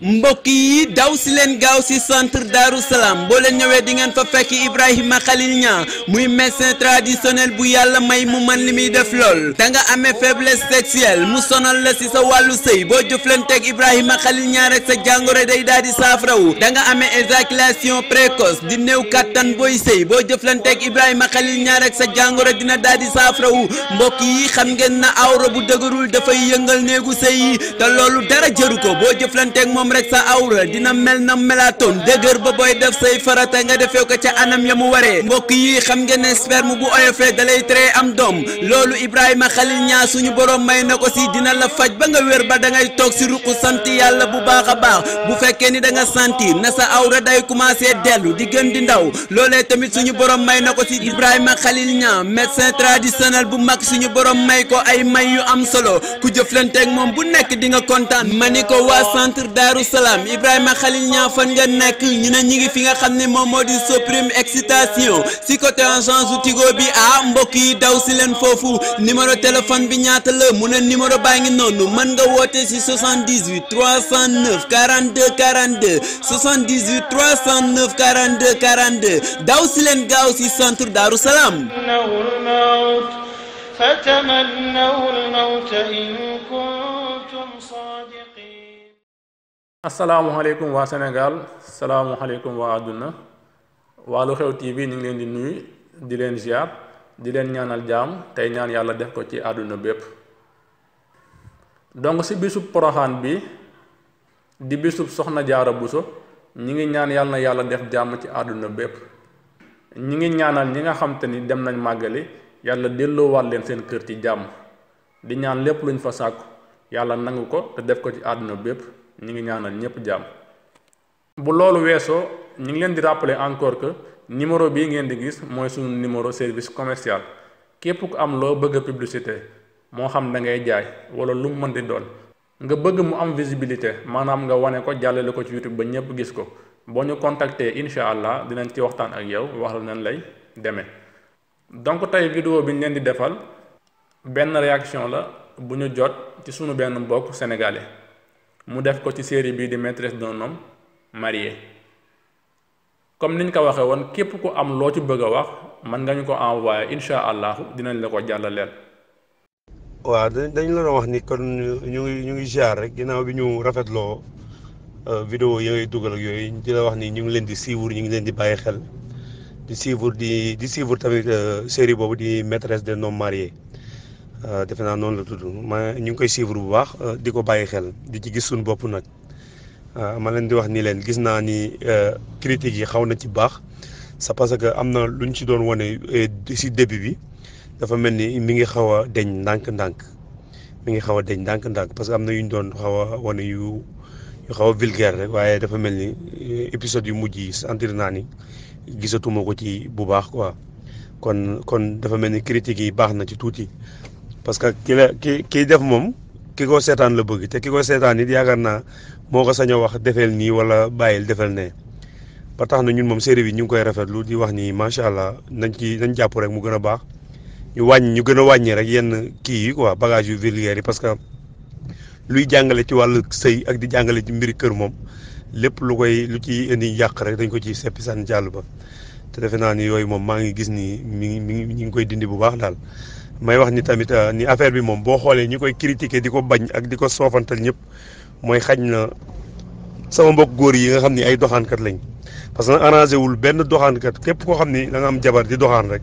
mbokk yi daw si leen gaaw si centre Darou Salam boo leen ñëwee di ngeen fa fekk Ibrahima Khalil Niang muy médecin traditionnel bu yàlla may mu mën li muy def lool da nga amee faiblesse sexuelle mu sonal la si sa wàllu sëy boo jëflanteeg Ibrahima Khalil Niang rek sa jàngoro day daal di saafarawu danga nga amee éjaculation précoce di néew kattan booy sëy boo jëflanteeg Ibrahima Khalil Niang rek sa jàngoro dina daal di saafarawu mbokk yi xam ngeen na awra bu dëgërul dafay yëngal néegu sëy moom rek sa awra dina mel na melatoon dëgër ba booy def say farata nga defee ko ca anam ya mu waree mbokk yi xam ngeen ne sperme bu oyofee dalay tere am doom loolu Ibrahima Khalil ñaa suñu borom may na ko si dina la faj ba nga wér ba da ngay toog si ruq sant yàlla bu baax a baax bu fekkee ni danga nga sentir na sa awra day commencé dellu di gën di ndaw loolee tamit suñu borom may na ko si Ibrahima Khalil Niass médecin traditionnel bu mag suñu borom may ko ay may yu am solo ku nekk di kontaan ma Daaru Salaam Ibrahima Khalil Niang fan nga nekk ñu ne ñu ngi fi nga xam ne moom moo di suprême excitation si côté agence u Tigo bi a ah, mbokk yi daw si leen foofu numéro téléphone bi ñaata la mu ne numéro baa ngi noonu mën nga woote si 78 309 42 42 78 309 42 42 daw si leen gaaw si centre Daaru Salaam asalaamualeykum waa senegaal salaamualeykum waa àdduna waa Lu Xew TV ñu ngi leen di nuyu di leen ziar di leen ñaanal jaam tey ñaan yàlla def ko ci àdduna bépp donc si bisub poroxaan bi di bisub soxna jaara buso ñi ngi ñaan yàlla yàlla def jàmm ci àdduna bépp ñi ngi ñaanal ñi nga xam te ni dem nañ màggali yàlla delloo delloowaat leen seen kër ci jàmm di ñaan lépp luñ fa sàkku yàlla nangu ko te def ko ci àdduna bépp ñu ngi ñaanal ñëpp jàmm. bu loolu weesoo ñi ngi leen di rappeler encore que numéro bii ngeen di gis mooy sunu numéro service commercial képp ku am loo bëgg a moo xam da ngay jaay wala lu mu mën di doon. nga bëgg mu am visibilité maanaam nga wane ko jàllale ko ci YouTube ba ñëpp gis ko boo ñu contacter incha allah dinañ ci waxtaan ak yow wax la nan lay demee. donc tey vidéo bi ñu leen di defal benn réaction la bu ñu jot ci sunu benn mbokk sénégalais. mu def ko ci série bii di maîtresse d'un homme marie comme niñ ko waxee woon képp ku am loo ci bëgg a wax man nga ñu ko envoyé incha allahu dinañ la ko leen waaw dañ la doon wax ni kon ñu ngi ñu ngi ziar rek ginnaaw bi ñu rafetloo euh, vidéo yi ngay dugal ak yooyu di la wax ni ñu ngi leen di suivre ñu ngi leen di bàyyi xel di suivre di di suivre tamit euh, série boobu di maîtresse de homme marié. Euh, defe naa noonu la tudd ma ñu ngi koy suivre bu baax euh, di ko bàyyi xel di ci gis suñu bopp nag euh, ma leen di wax nii leen gis naa ni critiques yi xaw na ci baax c'est parce que am na lu ñu ci doon wane si début bi dafa mel ni mi ngi xaw a deñ ndànk-ndànk mi ngi xaw a deñ ndànk-ndànk parce que am na yu ñu doon xaw a wane yu xaw a vulgaire rek waaye dafa mel ni épisode yu mujj yi sentir naa ni gisatuma ko ci bu baax quoi kon kon dafa mel ni critiques yi baax na ci tuuti parce que ki la ki kiy def moom ki ko seetaan la bëgg te ki ko seetaan it yaakaar naa moo ko sañ a wax defeel nii wala bàyyil defeel ne ba tax na ñun moom série bi ñu ngi koy rafetlu di wax nii macha allah nañ ci nañ jàpp rek mu gën a baax ñu wàññi ñu gën a wàññi rek yenn kii yi quoi bagage yu vulgaire yi parce que luy jàngale ci wàllu sëy ak di jàngale ci mbiri kër moom lépp lu koy lu ci indi yàq rek dañ ko ci seppi sànni jàll ba te defe naa ni yooyu moom maa ngi gis nii mi ngi mi ngi ñu ngi koy dindi bu baax daal may wax ni tamit euh, ni affaire bi moom boo xoolee ñi koy critiquer di ko bañ ak di ko soofantal ñëpp mooy xaj na sama mbokk góor yi nga xam ni ay doxaankat lañ parce que arrangé wul benn doxaankat képp koo xam ni da am jabar di doxaan rek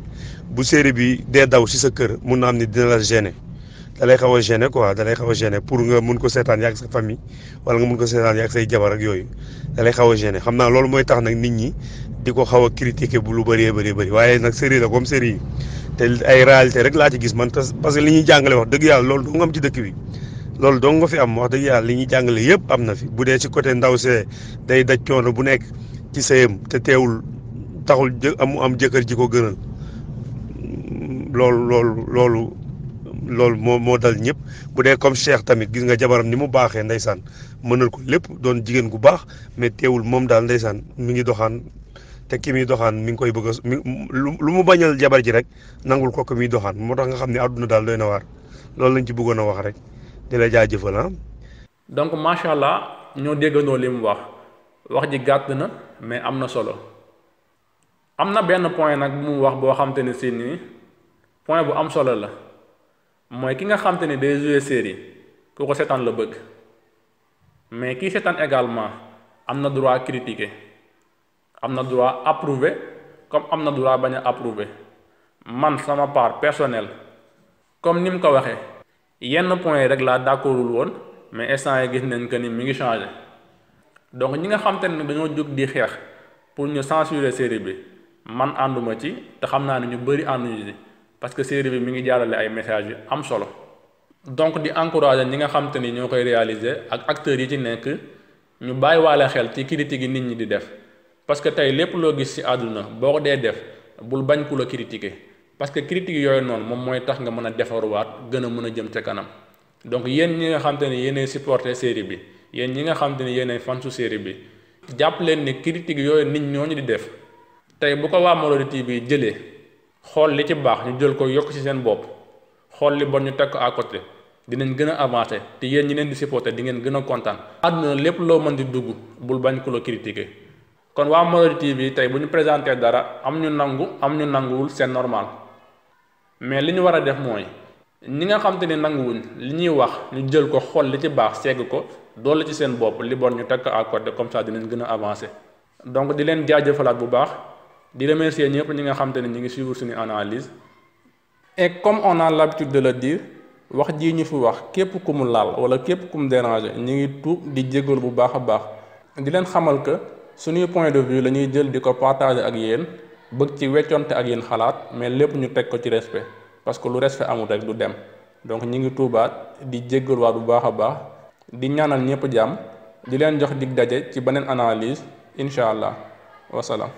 bu série bi dee daw si sa kër mun na am ni dina la gêner. da lay xaw a gêné quoi da lay xaw a gêné pour nga mun ko seetaan yaa ak sa famille wala nga mun ko seetaan yaa ak say jabar ak yooyu da lay xaw xam naa loolu mooy tax nag nit ñi di ko xaw a critiqué bu lu baree bëri bëri waaye nag série la comme série te ay réalité rek laa ci gis man parce que li ñuy jàngale wax dëgg yàlla loolu du nga am ci dëkk bi. loolu dong nga fi am wax dëgg yàlla li ñuy jàngale yëpp am na fi bu dee ci côté ndaw se day daj coono bu nekk ci sëyam te teewul taxul jë am am jëkkër ji ko gënal mm, loolu loolu moo moo dal ñëpp bu dee comme Cheikh tamit gis nga jabaram ni mu baaxee ndeysaan mënal ko lépp doon jigéen gu baax mais teewul moom daal ndeysaan mu ngi doxaan te kii muy doxaan mi ngi koy bëgg a lu mu bañal jabar ji rek nangul ko ko muy doxaan moo tax nga xam ni àdduna daal doy na waar loolu lañ ci bëggoon a wax rek di la jaajëfal ah. donc macha allah ñoo déggandoo li mu wax wax ji gàtt na mais am na solo am na benn point nag bu mu wax boo xamante ne si nii point bu am solo la. mooy ki nga xam te ne day jouer série ku ko seetaan la bëgg mais kii seetaan également am na droit critiquer am na droit approuver comme am na droit bañ a approuver man sama part personnel comme ni mu ko waxee yenn point rek laa d'accordul woon mais instant yi gis nañ que ni mu ngi changé donc ñi nga xam te ne dañoo jug di xeex pour ñu censurer série bi man ànduma ci te xam naa ne ñu bëri ànduñu ci parce que série bi mu ngi jaarale ay message yu am solo donc di encourager ñi nga xam ni ñoo koy réaliser ak acteur yi ci nekk ñu bàyyi waale xel ci critique yi nit ñi di def parce que tey lépp loo gis ci àdduna boo ko dee def bul bañ ku la critiquer parce que critique yooyu noonu moom mooy tax nga mën a defaruwaat gën a mën a jëm ca kanam donc yéen ñi nga xam te ni yéenay supporter série bi yéen ñi nga xam ni yéenay fan su série bi jàpp leen ni critique yooyu nit ñooñu di def xool li ci baax ñu jël ko yokk ci seen bopp xool li bon ñu teg ko à côté dinañ gën a avancé te yéen ñi leen di supporté di ngeen gën a kontaan. àdduna lépp loo mën di dugg bul bañ ku la critiquer kon waa Marodi TV tey bu ñu présenté dara am ñu nangu am ñu nanguwul seen normal mais li ñu war a def mooy ñi nga xam ne nanguwuñ li ñuy wax ñu jël ko xool li ci baax segg ko doole ci seen bopp li bon ñu teg ko à comme ça dinañ gën a avancé donc di leen bu baax. di remercier ñëpp ñi nga xam te ne ñu ngi suivre suñu analyse et comme on na l'habitude de le dire wax jii ñu fi wax képp ku mu laal wala képp ku mu déranger ñu ngi tuub di jégalu bu baax a baax di leen xamal que suñuy point de vue la ñuy jël di ko partager ak yéen bëgg ci weccoonte ak yéen xalaat mais lépp ñu teg ko ci respe parce que lu respect amul rek du dem donc ñu ngi tuubaat di jégaluwaat bu baax a baax di ñaanal ñëpp jàmm di leen jox dig daje ci beneen analyse incha allah wasalaam.